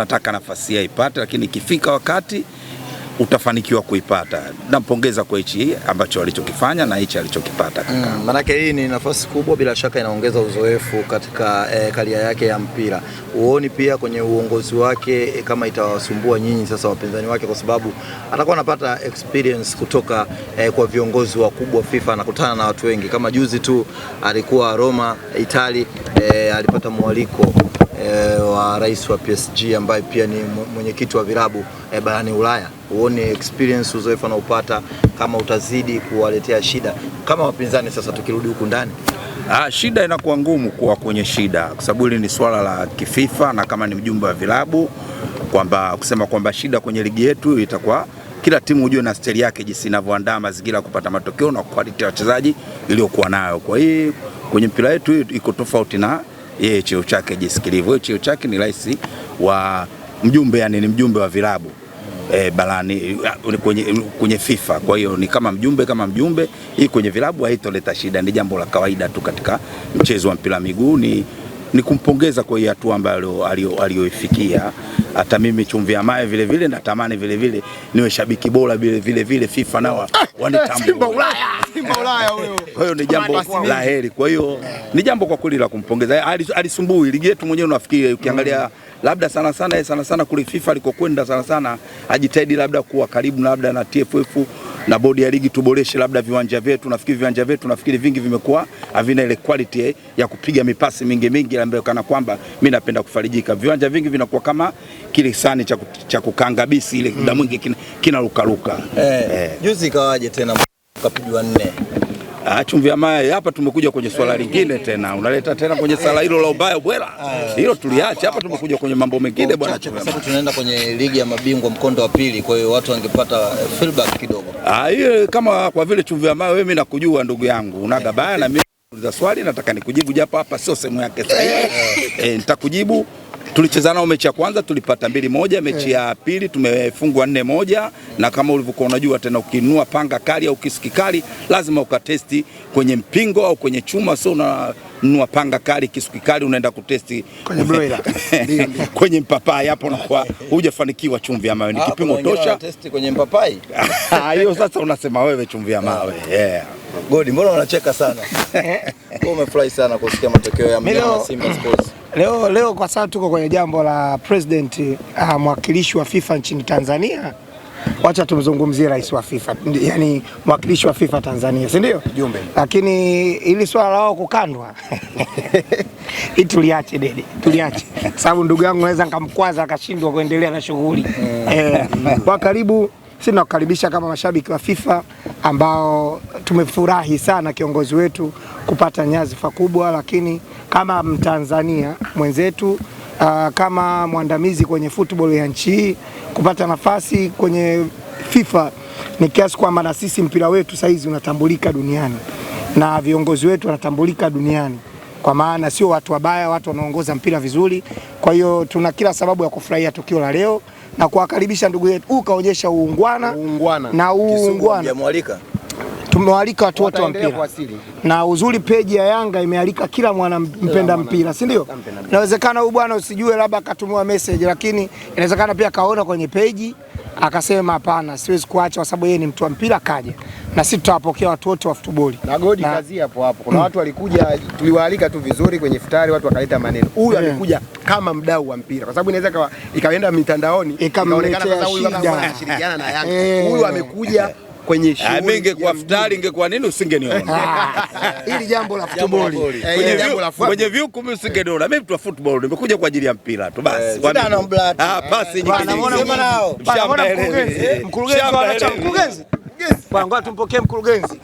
Nataka nafasi hii aipate, lakini ikifika wakati utafanikiwa kuipata. Nampongeza kwa hichi ambacho alichokifanya na hichi alichokipata kaka. Mm, manake hii ni nafasi kubwa, bila shaka inaongeza uzoefu katika eh, karia yake ya mpira. Uoni pia kwenye uongozi wake eh, kama itawasumbua nyinyi sasa wapinzani wake, kwa sababu atakuwa anapata experience kutoka eh, kwa viongozi wakubwa FIFA, anakutana na watu wengi. Kama juzi tu alikuwa Roma Itali, eh, alipata mwaliko Eh, wa rais wa PSG ambaye pia ni mwenyekiti wa vilabu e, eh, barani Ulaya. Uone experience uzoefu anaopata kama utazidi kuwaletea shida kama wapinzani. Sasa tukirudi huku ndani Ah, shida inakuwa ngumu kuwa kwenye shida kwa sababu hili ni swala la kififa na kama ni mjumbe wa vilabu kwamba kusema kwamba shida kwenye ligi yetu itakuwa kila timu hujue na steri yake jinsi inavyoandaa mazingira kupata matokeo na quality ya wachezaji iliyokuwa nayo. Kwa hiyo kwenye mpira wetu iko tofauti na yeye cheo chake jisikilivu. Yeye cheo chake ni rais wa mjumbe, yani ni mjumbe wa vilabu E, barani eh, kwenye, kwenye FIFA. Kwa hiyo ni kama mjumbe kama mjumbe, hii kwenye vilabu haitoleta shida, ni jambo la kawaida tu katika mchezo wa mpira miguu ni ni kumpongeza kwa hii hatua ambayo aliyoifikia. Hata mimi chumvi ya mawe vile vile natamani vile vile niwe shabiki bora vile vile vile FIFA nao ah, wanitambue. Simba Ulaya, Simba Ulaya huyo. Kwa hiyo ni jambo la heri, kwa hiyo ni jambo kwa kweli la kumpongeza. Alisumbui ligi yetu mwenyewe, unafikiri ukiangalia mm. labda sana sana sana sana kule FIFA alikokwenda sana sana, ajitahidi labda kuwa karibu na labda na TFF na bodi ya ligi, tuboreshe labda viwanja vyetu. Nafikiri viwanja vyetu nafikiri vingi vimekuwa havina ile quality ya kupiga mipasi mingi mingi mazingira ambayo kana kwamba mimi napenda kufarijika. Viwanja vingi vinakuwa kama kile sani cha kukangabisi ile mm. muda mwingi kinarukaruka kina lukaluka hey, hey. Juzi ikawaje tena kapigwa nne ah, Chumvi ya hapa tumekuja kwenye swala eh. lingine tena, unaleta tena kwenye swala hilo la ubaya bwela, eh. hilo tuliache hapa. Tumekuja kwenye mambo mengine bwana, kwa sababu tunaenda kwenye ligi ya mabingwa mkondo wa pili, kwa hiyo watu wangepata eh, feedback kidogo. Ah, hiyo kama kwa vile Chumvi ya wewe mimi nakujua ndugu yangu, unaga baya na mimi Uliza swali nataka nikujibu japo hapa sio sehemu yake sahihi. Eh, nitakujibu. Tulicheza nao mechi ya kwanza tulipata mbili moja, mechi ya pili tumefungwa nne moja, na kama ulivyokuwa unajua tena, ukinua panga kali au kisiki kali lazima ukatesti kwenye mpingo au kwenye chuma, sio unanua panga kali kisiki kali unaenda kutesti kwenye broiler kwenye mpapai, hapo nakuwa hujafanikiwa. Chumvi ya mawe ni kipimo tosha. Kwenye mpapai hiyo sasa unasema wewe chumvi ya ah. mawe yeah. Godi, mbona unacheka sana? Wewe umefurahi sana kusikia matokeo ya mjana Simba Sports. Leo leo kwa sababu tuko kwenye jambo la president uh, mwakilishi wa FIFA nchini Tanzania. Wacha tumzungumzie rais wa FIFA, yaani mwakilishi wa FIFA Tanzania, si ndio? Jumbe. Lakini ili swala lao kukandwa hii tuliache dede, tuliache sababu ndugu yangu naweza nikamkwaza akashindwa kuendelea na shughuli. Mm. Eh, kwa karibu sisi tunakukaribisha kama mashabiki wa FIFA ambao tumefurahi sana kiongozi wetu kupata nyadhifa kubwa, lakini kama Mtanzania mwenzetu Uh, kama mwandamizi kwenye football ya nchi hii kupata nafasi kwenye FIFA ni kiasi kwamba na sisi mpira wetu saizi unatambulika duniani na viongozi wetu wanatambulika duniani, kwa maana sio watu wabaya, watu wanaongoza mpira vizuri. Kwa hiyo tuna kila sababu ya kufurahia tukio la leo na kuwakaribisha ndugu yetu, huu kaonyesha uungwana, uungwana na uungwana tumewalika watu wote wa mpira na uzuri, peji ya Yanga imealika kila mwana mpenda mpira, si ndio? Inawezekana huyu bwana usijue, labda akatumiwa message, lakini inawezekana pia akaona kwenye peji akasema hapana, siwezi kuacha kwa sababu yeye ni mtu wa mpira, kaja na sisi tutawapokea watu wote wa futuboli Na Godi na... kazi hapo hapo. Kuna watu walikuja, tuliwaalika tu vizuri kwenye futari, watu wakaleta maneno. Huyu yeah, amekuja kama mdau wa mpira, kwa sababu inaweza ikaenda mitandaoni ikaonekana sasa huyu anashirikiana na Yanga, eh. huyu amekuja kwenye ah, shughuli. Mimi ingekuwa futari ingekuwa nini usingeniona. Hili jambo la futuboli eh, Kwenye jambo la kwenye view kumi, usingeniona. Mimi mtu wa football nimekuja kwa ajili ya mpira tu basi. Eh, kwa nini ah, Basi nyingine mkurugenzi, mkurugenzi Yes. Tumpokee mkurugenzi.